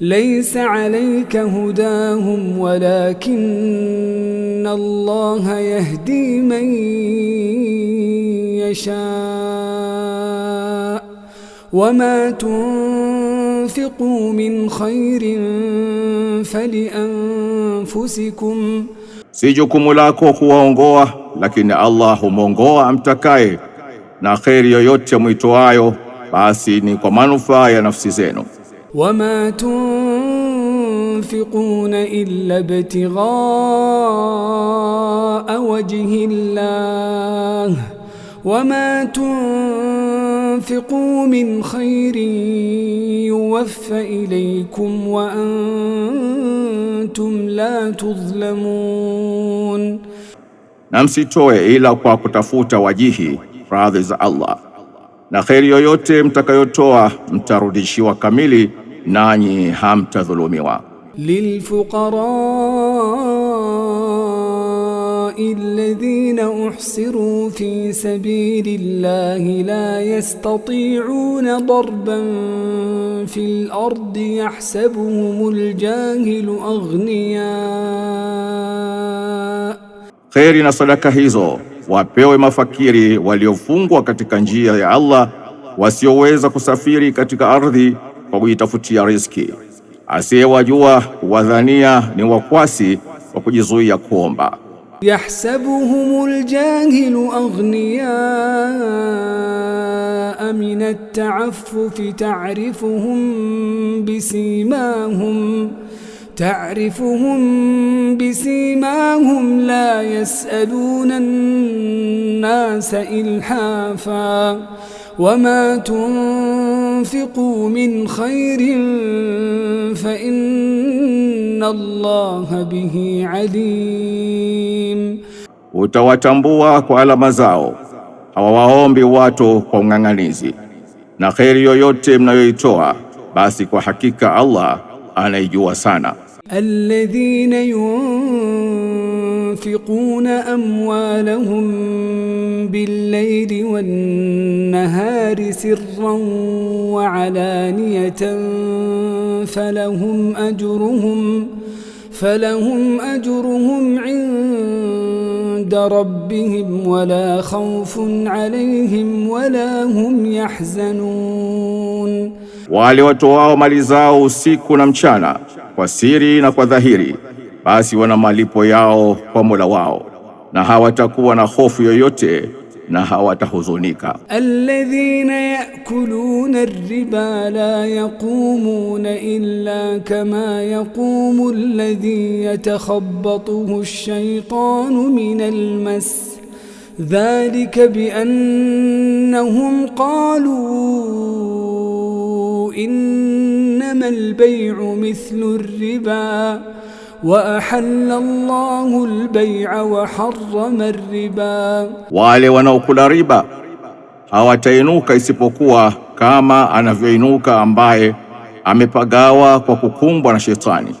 Laysa alayka hudahum walakinna Allaha yahdi man yasha wama tunfiqu min khairin falianfusikum, si jukumu lako kuwaongoa, lakini Allah humwongoa amtakaye, na kheri yoyote mwitoayo basi ni kwa manufaa ya nafsi zenu wama tunfiquna illa btighaa wajhi llah wama tunfiqu min khairin yuwaffa ilaykum wa antum la tudhlamun, na msitoe ila kwa kutafuta wajihi radhi za Allah na kheri yoyote mtakayotoa mtarudishiwa kamili, nanyi hamtadhulumiwa. lilfuqara alladhina uhsiru fi sabilillahi la yastati'una darban fi ardi yahsabuhumul jahilu aghniya, kheri na sadaka hizo wapewe mafakiri waliofungwa katika njia ya Allah, wasioweza kusafiri katika ardhi kwa kuitafutia riziki. Asiyewajua wadhania ni wakwasi wa kujizuia kuomba. Yahsabuhumul jahilu aghniyaa minat ta'affufi ta'rifuhum bisimahum تعرفهم بسيماهم لا يسألون الناس إلحافا وما تنفقوا من خير فإن الله به عليم Utawatambua kwa alama zao, hawawaombi watu kwa ung'ang'anizi, na kheri yoyote mnayoitoa basi kwa hakika Allah anaijua sana. الذين ينفقون اموالهم بالليل والنهار سرا وعلانيه فلهم اجرهم فلهم اجرهم عند ربهم ولا خوف عليهم ولا هم يحزنون wale watoao mali zao usiku na mchana kwa siri na kwa dhahiri, basi wana malipo yao kwa Mola wao na hawatakuwa na hofu yoyote na hawatahuzunika. alladhina yakuluna riba la yaqumuna illa kama yaqumu alladhi yatakhabbatuhu ash-shaytanu min al-mas dhalika biannahum qalu inna إنما البيع مثل الربا waahalla Allahu albay'a wa harrama wale wanaokula riba hawatainuka isipokuwa kama anavyoinuka ambaye amepagawa kwa kukumbwa na shetani.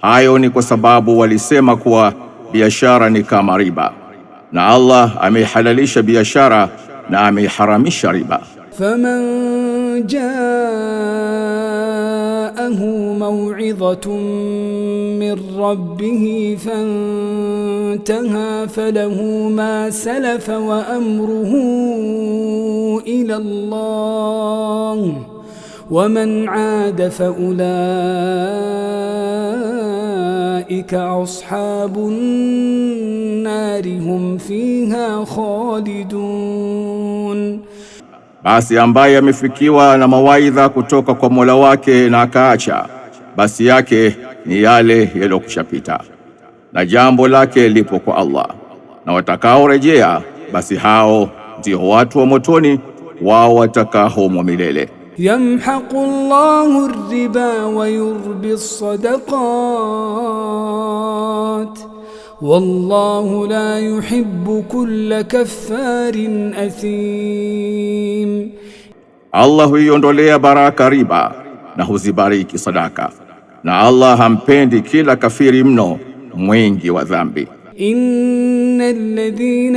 Hayo ni kwa sababu walisema kuwa biashara ni kama riba, na Allah ameihalalisha biashara na ameiharamisha riba. faman jaa جاءه موعظة من ربه فانتهى فله ما سلف وأمره إلى الله ومن عاد فأولئك أصحاب النار هم فيها خالدون Basi ambaye amefikiwa na mawaidha kutoka kwa Mola wake na akaacha, basi yake ni yale yaliyokushapita, na jambo lake lipo kwa Allah. Na watakaorejea basi hao ndio watu wa motoni, wao humo milele. Yamhaqu Allahu riba wa yurbi sadaqat والله لا يحب كل كفار أثيم الله يوندوليا باراكا ريبا نهو باريكي صداكا نا الله هم بيندي كلا كفير منو موينجي وذنبي إن الذين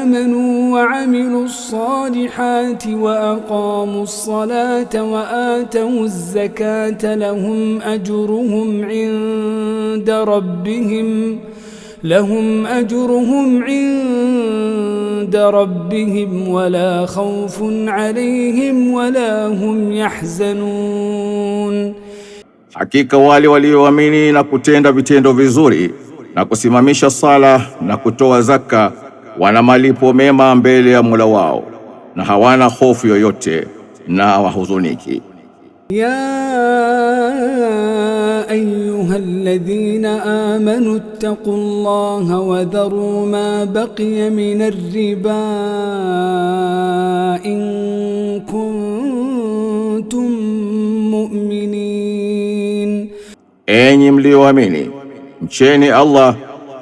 آمنوا وعملوا الصالحات وأقاموا الصلاة وآتوا الزكاة لهم أجرهم عند ربهم لهم اجرهم عند ربهم ولا خوف عليهم ولا هم يحزنون hakika wale walioamini na kutenda vitendo vizuri na kusimamisha sala na kutoa zaka wana malipo mema mbele ya Mola wao na hawana hofu yoyote na wahuzuniki. يا أيها الذين آمنوا اتقوا الله وذروا ما بقي من الربا إن كنتم مؤمنين Enyi mlioamini mcheni Allah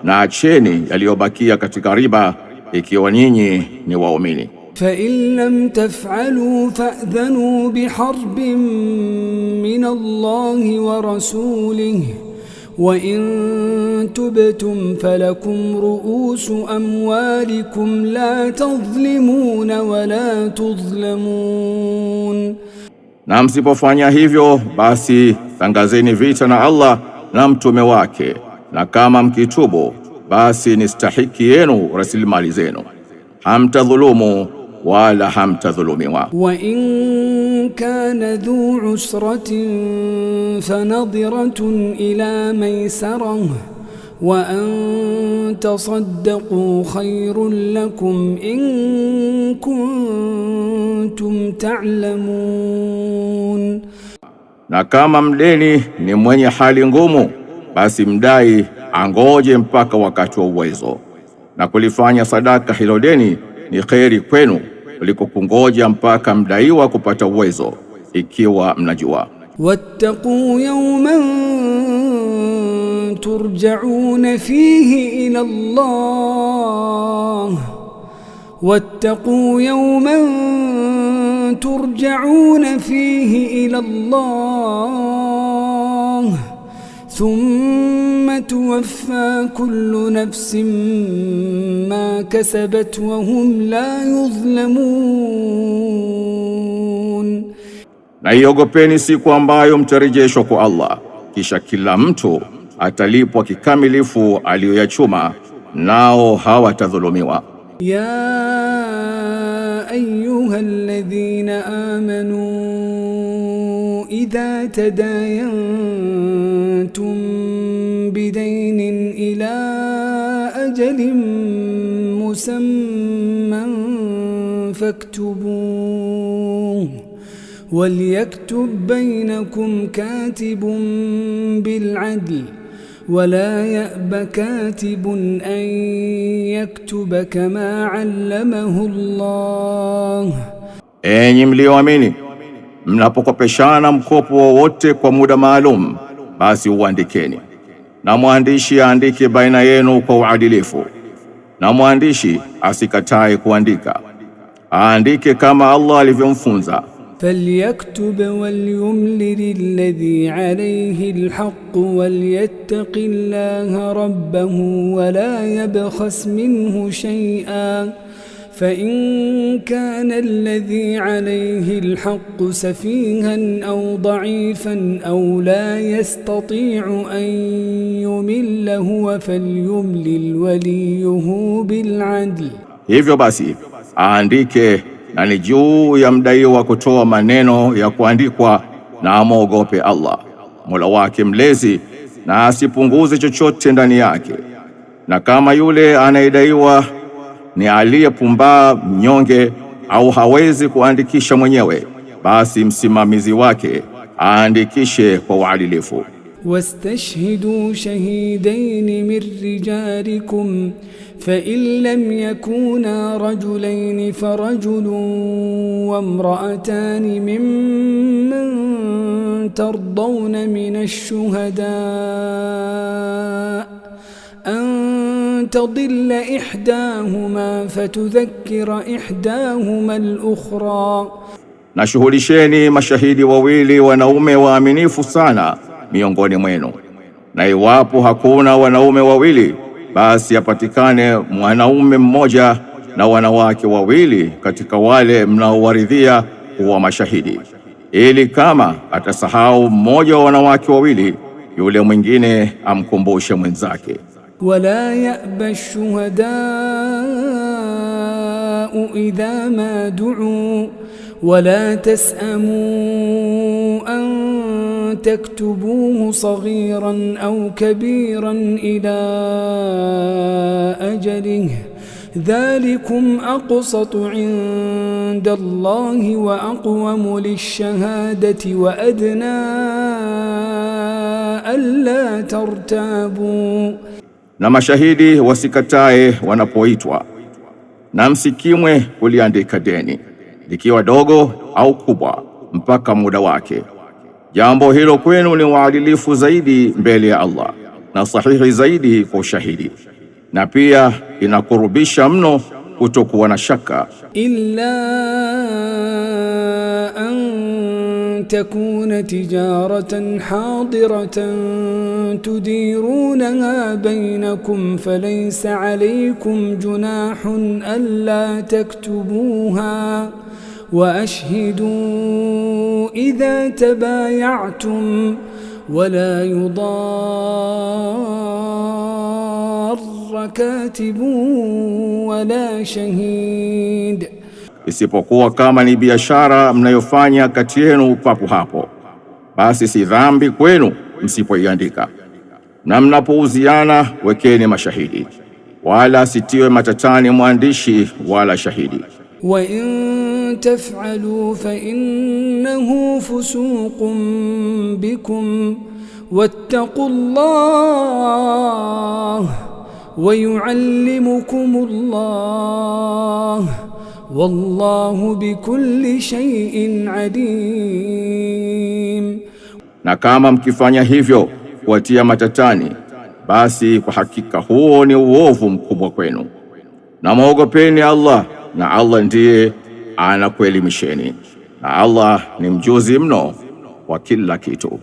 na acheni yaliyobakia katika riba ikiwa nyinyi ni waumini فإن لم تفعلوا فأذنوا بحرب من الله ورسوله وإن تبتم فلكم رؤوس أموالكم لا تظلمون ولا تظلمون na msipofanya hivyo basi tangazeni vita na Allah na mtume wake na kama mkitubu basi ni stahiki yenu rasilimali zenu hamtadhulumu wala hamtadhulumiwa. wa in kana dhu usratin fanadhiratun ila maisara wa an tasaddaqu khairun lakum in kuntum ta'lamun, na kama mdeni ni mwenye hali ngumu, basi mdai angoje mpaka wakati wa uwezo na kulifanya sadaka hilo deni ni kheri kwenu kuliko kungoja mpaka mdaiwa kupata uwezo ikiwa mnajua. wattaqu yawman turja'un fihi ila Allah wattaqu yawman turja'un fihi ila Allah thumma tuwaffa kullu nafsin ma kasabat wa hum la yudhlamun, siku ambayo mtarejeshwa kwa Allah, kisha kila mtu atalipwa kikamilifu aliyoyachuma, nao hawatadhulumiwa. ya ayyuhalladhina amanu idha tadayan مسمى فاكتبوه وليكتب بينكم كاتب بالعدل ولا يأب كاتب أن يكتب كما علمه الله Enyi mlioamini mnapokopeshana mkopo wowote kwa muda maalum basi uandikeni na mwandishi aandike baina yenu kwa uadilifu na mwandishi asikatae kuandika, aandike kama Allah alivyomfunza. Falyaktub walyumlil alladhi alayhi alhaq walyattaqillaha rabbahu wala yabkhas minhu shay'an فإن كان الذي عليه الحق سفيها أو ضعيفا أو لا يستطيع أن يمل هو فليملل وليه بالعدل. Hivyo basi aandike, na ni juu ya mdaiwa kutoa maneno ya kuandikwa, na amwogope Allah Mola wake mlezi, na asipunguze chochote ndani yake, na kama yule anayedaiwa ni aliyepumbaa mnyonge au hawezi kuandikisha mwenyewe, basi msimamizi wake aandikishe kwa uadilifu. wastashhidu shahidaini min rijalikum fa in lam yakuna fa rajulun wa imra'atan mimman tardawna min ash-shuhada an تضل إحداهما فتذكر إحداهما الأخرى na mashahidi wawili wanaume waaminifu sana miongoni mwenu, na iwapo hakuna wanaume wawili, basi apatikane mwanaume mmoja na wanawake wawili katika wale mnaowaridhia kuwa mashahidi, ili kama atasahau mmoja wa wanawake wawili, yule mwingine amkumbushe mwenzake. ولا يأبى الشهداء إذا ما دعوا ولا تسأموا أن تكتبوه صغيرا أو كبيرا إلى أجله ذلكم أقسط عند الله وأقوم للشهادة وأدنى ألا ترتابوا na mashahidi wasikatae wanapoitwa, na msikimwe kuliandika deni likiwa dogo au kubwa mpaka muda wake. Jambo hilo kwenu ni waadilifu zaidi mbele ya Allah na sahihi zaidi kwa ushahidi, na pia inakurubisha mno kutokuwa na shaka illa تكون تجارة حاضرة تديرونها بينكم فليس عليكم جناح ألا تكتبوها وأشهدوا إذا تبايعتم ولا يضار كاتب ولا شهيد ۖ isipokuwa kama ni biashara mnayofanya kati yenu papo hapo, basi si dhambi kwenu msipoiandika. Na mnapouziana wekeni mashahidi, wala sitiwe matatani mwandishi wala shahidi. wa in taf'alu fa innahu fusuqun bikum wattaqullah wa yuallimukumullah wallahu bikulli shay'in adim. na kama mkifanya hivyo kuwatia matatani, basi kwa hakika huo ni uovu mkubwa kwenu, na mwogopeni Allah na Allah ndiye anakuelimisheni, na Allah ni mjuzi mno wa kila kitu.